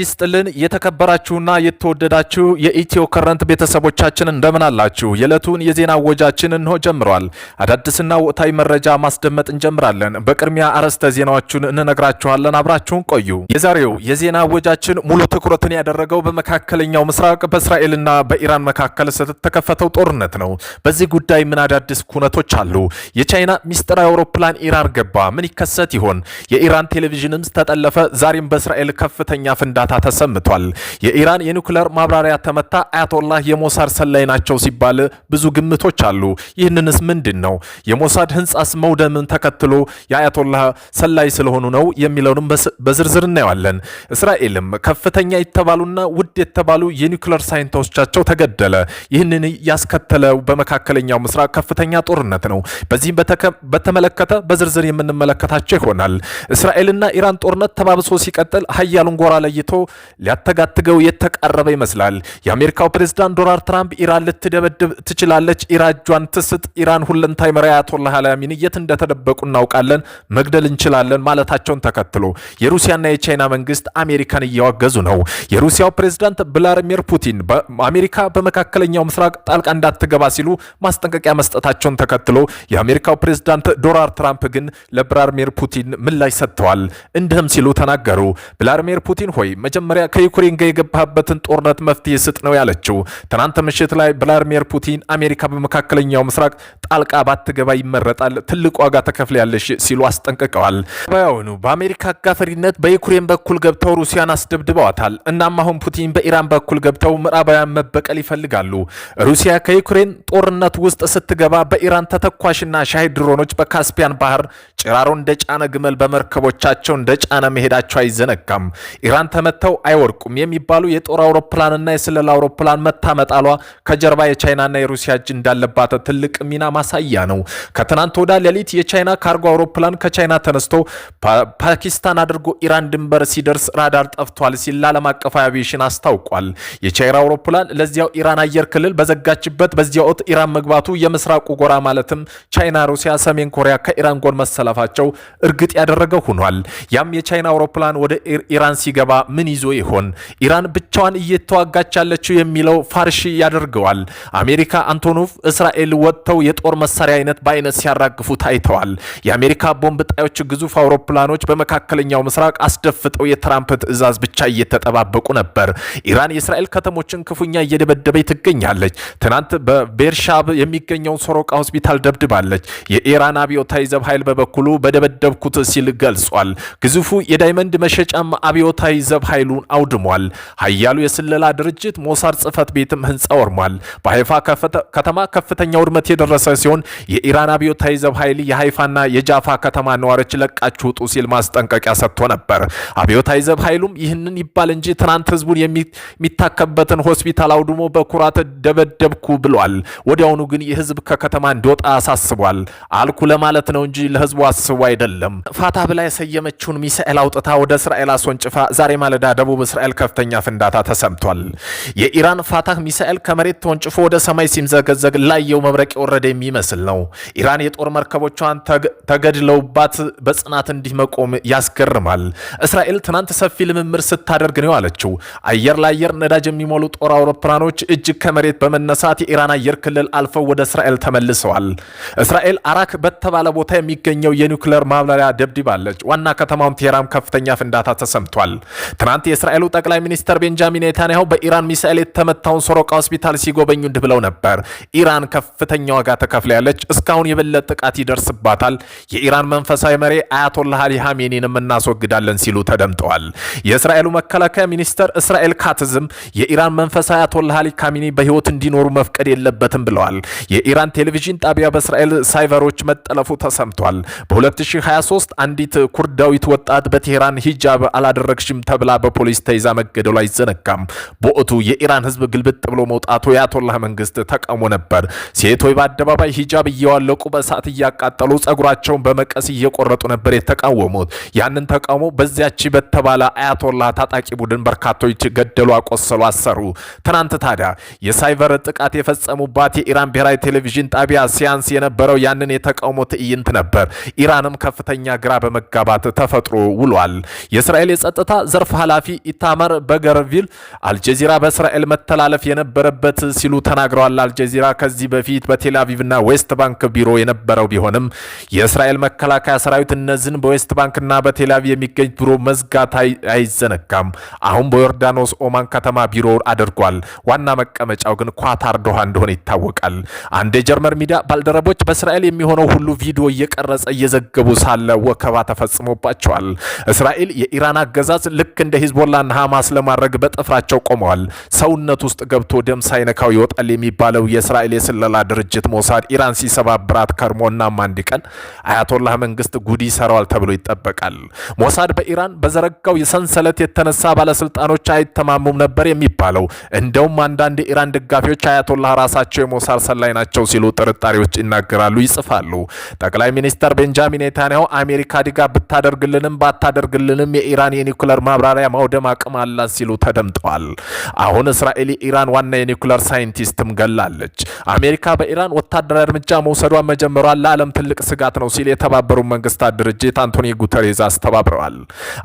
ይስጥልን የተከበራችሁና የተወደዳችሁ የኢትዮ ከረንት ቤተሰቦቻችን እንደምን አላችሁ? የዕለቱን የዜና ወጃችን እንሆ ጀምሯል። አዳዲስና ወቅታዊ መረጃ ማስደመጥ እንጀምራለን። በቅድሚያ አርዕስተ ዜናዎቹን እንነግራችኋለን። አብራችሁን ቆዩ። የዛሬው የዜና ወጃችን ሙሉ ትኩረትን ያደረገው በመካከለኛው ምስራቅ በእስራኤልና በኢራን መካከል ስለተከፈተው ጦርነት ነው። በዚህ ጉዳይ ምን አዳዲስ ኩነቶች አሉ? የቻይና ሚስጥር አውሮፕላን ኢራን ገባ፣ ምን ይከሰት ይሆን? የኢራን ቴሌቪዥንም ተጠለፈ። ዛሬም በእስራኤል ከፍተኛ ፍንዳ እርዳታ ተሰምቷል። የኢራን የኒውክለር ማብራሪያ ተመታ፣ አያቶላህ የሞሳድ ሰላይ ናቸው ሲባል ብዙ ግምቶች አሉ። ይህንንስ ምንድን ነው የሞሳድ ህንጻስ መውደምን ተከትሎ የአያቶላህ ሰላይ ስለሆኑ ነው የሚለውንም በዝርዝር እናየዋለን። እስራኤልም ከፍተኛ የተባሉና ውድ የተባሉ የኒውክለር ሳይንቲስቶቻቸው ተገደለ። ይህንን ያስከተለው በመካከለኛው ምስራቅ ከፍተኛ ጦርነት ነው። በዚህም በተመለከተ በዝርዝር የምንመለከታቸው ይሆናል። እስራኤልና ኢራን ጦርነት ተባብሶ ሲቀጥል ሀያሉን ጎራ ለይቶ ተገኝቶ ሊያተጋትገው የተቃረበ ይመስላል። የአሜሪካው ፕሬዝዳንት ዶናልድ ትራምፕ ኢራን ልትደበድብ ትችላለች፣ ኢራን እጇን ትስጥ፣ ኢራን ሁለንታይ መሪ አያቶላህ አላሚን የት እንደተደበቁ እናውቃለን፣ መግደል እንችላለን ማለታቸውን ተከትሎ የሩሲያና የቻይና መንግስት አሜሪካን እያወገዙ ነው። የሩሲያው ፕሬዝዳንት ብላድሚር ፑቲን አሜሪካ በመካከለኛው ምስራቅ ጣልቃ እንዳትገባ ሲሉ ማስጠንቀቂያ መስጠታቸውን ተከትሎ የአሜሪካው ፕሬዝዳንት ዶናልድ ትራምፕ ግን ለብላድሚር ፑቲን ምላሽ ሰጥተዋል። እንዲህም ሲሉ ተናገሩ። ብላድሚር ፑቲን ሆይ መጀመሪያ ከዩክሬን ጋር የገባህበትን ጦርነት መፍትሄ ስጥ ነው ያለችው። ትናንት ምሽት ላይ ቭላድሚር ፑቲን አሜሪካ በመካከለኛው ምስራቅ ጣልቃ ባትገባ ይመረጣል፣ ትልቅ ዋጋ ተከፍላለሽ ሲሉ አስጠንቅቀዋል። ባያውኑ በአሜሪካ አጋፈሪነት በዩክሬን በኩል ገብተው ሩሲያን አስደብድበዋታል። እናም አሁን ፑቲን በኢራን በኩል ገብተው ምዕራባውያን መበቀል ይፈልጋሉ። ሩሲያ ከዩክሬን ጦርነት ውስጥ ስትገባ በኢራን ተተኳሽና ሻሂድ ድሮኖች በካስፒያን ባህር ጭራሮ እንደ ጫነ ግመል በመርከቦቻቸው እንደ ጫነ መሄዳቸው አይዘነጋም። ኢራን ተመተው አይወድቁም የሚባሉ የጦር አውሮፕላንና የስለላ አውሮፕላን መታመጣሏ ከጀርባ የቻይናና የሩሲያ እጅ እንዳለባት ትልቅ ሚና ማሳያ ነው። ከትናንት ወዳ ሌሊት የቻይና ካርጎ አውሮፕላን ከቻይና ተነስቶ ፓኪስታን አድርጎ ኢራን ድንበር ሲደርስ ራዳር ጠፍቷል ሲል ለዓለም አቀፍ አቪዬሽን አስታውቋል። የቻይና አውሮፕላን ለዚያው ኢራን አየር ክልል በዘጋችበት በዚያ ወቅት ኢራን መግባቱ የምስራቁ ጎራ ማለትም ቻይና፣ ሩሲያ፣ ሰሜን ኮሪያ ከኢራን ጎን መሰላ ማለፋቸው እርግጥ ያደረገ ሆኗል። ያም የቻይና አውሮፕላን ወደ ኢራን ሲገባ ምን ይዞ ይሆን? ኢራን ብቻዋን እየተዋጋች ያለችው የሚለው ፋርሺ ያደርገዋል። አሜሪካ አንቶኖቭ እስራኤል ወጥተው የጦር መሳሪያ አይነት በአይነት ሲያራግፉ ታይተዋል። የአሜሪካ ቦምብ ጣዮች ግዙፍ አውሮፕላኖች በመካከለኛው ምስራቅ አስደፍጠው የትራምፕ ትዕዛዝ ብቻ እየተጠባበቁ ነበር። ኢራን የእስራኤል ከተሞችን ክፉኛ እየደበደበች ትገኛለች። ትናንት በቤርሻብ የሚገኘውን ሶሮቃ ሆስፒታል ደብድባለች። የኢራን አብዮታዊ ዘብ ኃይል በበኩል በበኩሉ በደበደብኩት ሲል ገልጿል። ግዙፉ የዳይመንድ መሸጫም አብዮታዊ ዘብ ኃይሉን አውድሟል። ኃያሉ የስለላ ድርጅት ሞሳድ ጽህፈት ቤትም ህንፃ ወርሟል። በሀይፋ ከተማ ከፍተኛ ውድመት የደረሰ ሲሆን የኢራን አብዮታዊ ዘብ ኃይል የሀይፋና የጃፋ ከተማ ነዋሪዎች ለቃችሁ ውጡ ሲል ማስጠንቀቂያ ሰጥቶ ነበር። አብዮታዊ ዘብ ኃይሉም ይህንን ይባል እንጂ ትናንት ህዝቡን የሚታከብበትን ሆስፒታል አውድሞ በኩራት ደበደብኩ ብሏል። ወዲያውኑ ግን የህዝብ ከከተማ እንዲወጣ አሳስቧል። አልኩ ለማለት ነው እንጂ ለህዝቡ አስቡ አይደለም። ፋታ ብላ የሰየመችውን ሚሳኤል አውጥታ ወደ እስራኤል አስወንጭፋ ዛሬ ማለዳ ደቡብ እስራኤል ከፍተኛ ፍንዳታ ተሰምቷል። የኢራን ፋታህ ሚሳኤል ከመሬት ተወንጭፎ ወደ ሰማይ ሲምዘገዘግ ላየው መብረቅ የወረደ የሚመስል ነው። ኢራን የጦር መርከቦቿን ተገድለውባት በጽናት እንዲህ መቆም ያስገርማል። እስራኤል ትናንት ሰፊ ልምምር ስታደርግ ነው አለችው። አየር ለአየር ነዳጅ የሚሞሉ ጦር አውሮፕላኖች እጅግ ከመሬት በመነሳት የኢራን አየር ክልል አልፈው ወደ እስራኤል ተመልሰዋል። እስራኤል አራክ በተባለ ቦታ የሚገኘው የኒውክሌር ማብላሪያ ደብድባለች። ዋና ከተማውን ቴህራን ከፍተኛ ፍንዳታ ተሰምቷል። ትናንት የእስራኤሉ ጠቅላይ ሚኒስትር ቤንጃሚን ኔታንያሁ በኢራን ሚሳኤል የተመታውን ሶሮቃ ሆስፒታል ሲጎበኙ እንዲህ ብለው ነበር። ኢራን ከፍተኛ ዋጋ ተከፍላለች። እስካሁን የበለጠ ጥቃት ይደርስባታል። የኢራን መንፈሳዊ መሪ አያቶላህ አሊ ሀሜኒንም እናስወግዳለን ሲሉ ተደምጠዋል። የእስራኤሉ መከላከያ ሚኒስትር እስራኤል ካትዝም የኢራን መንፈሳዊ አያቶላህ አሊ ካሚኒ በህይወት እንዲኖሩ መፍቀድ የለበትም ብለዋል። የኢራን ቴሌቪዥን ጣቢያ በእስራኤል ሳይቨሮች መጠለፉ ተሰምቷል። በ2023 አንዲት ኩርዳዊት ወጣት በቴህራን ሂጃብ አላደረግሽም ተብላ በፖሊስ ተይዛ መገደሉ አይዘነጋም። በወቅቱ የኢራን ህዝብ ግልብጥ ብሎ መውጣቱ የአያቶላህ መንግስት ተቃውሞ ነበር። ሴቶች በአደባባይ ሂጃብ እያዋለቁ በእሳት እያቃጠሉ ጸጉራቸውን በመቀስ እየቆረጡ ነበር የተቃወሙት። ያንን ተቃውሞ በዚያች በተባለ አያቶላህ ታጣቂ ቡድን በርካቶች ገደሉ፣ አቆሰሉ፣ አሰሩ። ትናንት ታዲያ የሳይበር ጥቃት የፈጸሙባት የኢራን ብሔራዊ ቴሌቪዥን ጣቢያ ሲያንስ የነበረው ያንን የተቃውሞ ትዕይንት ነበር። ኢራንም ከፍተኛ ግራ በመጋባት ተፈጥሮ ውሏል። የእስራኤል የጸጥታ ዘርፍ ኃላፊ ኢታመር በገርቪል አልጀዚራ በእስራኤል መተላለፍ የነበረበት ሲሉ ተናግረዋል። አልጀዚራ ከዚህ በፊት በቴልአቪቭና ዌስት ባንክ ቢሮ የነበረው ቢሆንም የእስራኤል መከላከያ ሰራዊት እነዚህን በዌስት ባንክና በቴልአቪቭ የሚገኝ ቢሮ መዝጋት አይዘነጋም። አሁን በዮርዳኖስ ኦማን ከተማ ቢሮ አድርጓል። ዋና መቀመጫው ግን ኳታር ዶሃ እንደሆነ ይታወቃል። አንድ የጀርመን ሚዲያ ባልደረቦች በእስራኤል የሚሆነው ሁሉ ቪዲዮ እየቀረጸ እየዘገቡ ሳለ ወከባ ተፈጽሞባቸዋል። እስራኤል የኢራን አገዛዝ ልክ እንደ ሂዝቦላና ሐማስ ለማድረግ በጥፍራቸው ቆመዋል። ሰውነት ውስጥ ገብቶ ደም ሳይነካው ይወጣል የሚባለው የእስራኤል የስለላ ድርጅት ሞሳድ ኢራን ሲሰባብራት ከርሞና አንድ ቀን አያቶላህ መንግስት ጉድ ይሰራዋል ተብሎ ይጠበቃል። ሞሳድ በኢራን በዘረጋው የሰንሰለት የተነሳ ባለስልጣኖች አይተማሙም ነበር የሚባለው እንደውም አንዳንድ የኢራን ደጋፊዎች አያቶላህ ራሳቸው የሞሳድ ሰላይ ናቸው ሲሉ ጥርጣሬዎች ይናገራሉ፣ ይጽፋሉ። ጠቅላይ ሚኒስተር ቤንጃሚን ኔታንያሁ አሜሪካ ድጋፍ ብታደርግልንም ባታደርግልንም የኢራን የኒኩለር ማብራሪያ ማውደም አቅም አላት ሲሉ ተደምጠዋል። አሁን እስራኤል የኢራን ዋና የኒኩለር ሳይንቲስትም ገላለች። አሜሪካ በኢራን ወታደራዊ እርምጃ መውሰዷን መጀመሯን ለዓለም ትልቅ ስጋት ነው ሲል የተባበሩት መንግስታት ድርጅት አንቶኒ ጉተሬዝ አስተባብረዋል።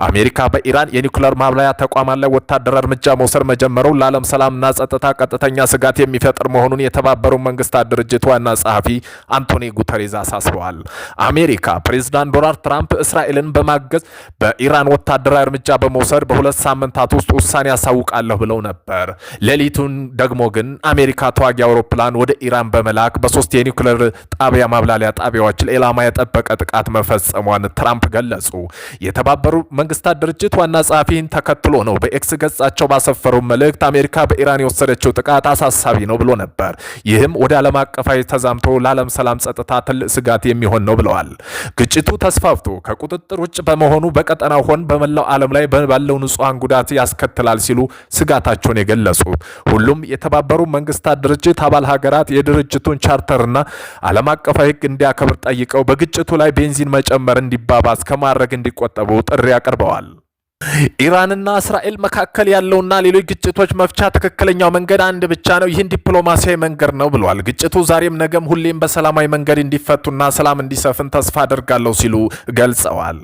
አሜሪካ በኢራን የኒኩለር ማብራሪያ ተቋማት ላይ ወታደራዊ እርምጃ መውሰድ መጀመሩ ለዓለም ሰላምና ጸጥታ ቀጥተኛ ስጋት የሚፈጥር መሆኑን የተባበሩት መንግስታት ድርጅት ዋና ጸሐፊ አንቶኒ ጉተሬዝ አሳስበዋል። አሜሪካ ፕሬዚዳንት ዶናልድ ትራምፕ እስራኤልን በማገዝ በኢራን ወታደራዊ እርምጃ በመውሰድ በሁለት ሳምንታት ውስጥ ውሳኔ ያሳውቃለሁ ብለው ነበር። ሌሊቱን ደግሞ ግን አሜሪካ ተዋጊ አውሮፕላን ወደ ኢራን በመላክ በሶስት የኒውክሌር ጣቢያ ማብላሊያ ጣቢያዎች ኢላማ የጠበቀ ጥቃት መፈጸሟን ትራምፕ ገለጹ። የተባበሩ መንግስታት ድርጅት ዋና ጸሐፊን ተከትሎ ነው በኤክስ ገጻቸው ባሰፈሩ መልእክት አሜሪካ በኢራን የወሰደችው ጥቃት አሳሳቢ ነው ብሎ ነበር። ይህም ወደ ዓለም አቀፋዊ ተዛምቶ ለዓለም ሰላም ጸጥታ ትልቅ ስጋት የሚሆን ነው ብለዋል። ግጭቱ ተስፋፍቶ ከቁጥጥር ውጭ በመሆኑ በቀጠናው ሆን በመላው ዓለም ላይ ባለው ንጹሐን ጉዳት ያስከትላል ሲሉ ስጋታቸውን የገለጹት ሁሉም የተባበሩ መንግስታት ድርጅት አባል ሀገራት የድርጅቱን ቻርተርና ዓለም አቀፋዊ ሕግ እንዲያከብር ጠይቀው በግጭቱ ላይ ቤንዚን መጨመር እንዲባባስ ከማድረግ እንዲቆጠቡ ጥሪ አቅርበዋል። ኢራንና እስራኤል መካከል ያለውና ሌሎች ግጭቶች መፍቻ ትክክለኛው መንገድ አንድ ብቻ ነው፣ ይህን ዲፕሎማሲያዊ መንገድ ነው ብለዋል። ግጭቱ ዛሬም ነገም ሁሌም በሰላማዊ መንገድ እንዲፈቱና ሰላም እንዲሰፍን ተስፋ አደርጋለሁ ሲሉ ገልጸዋል።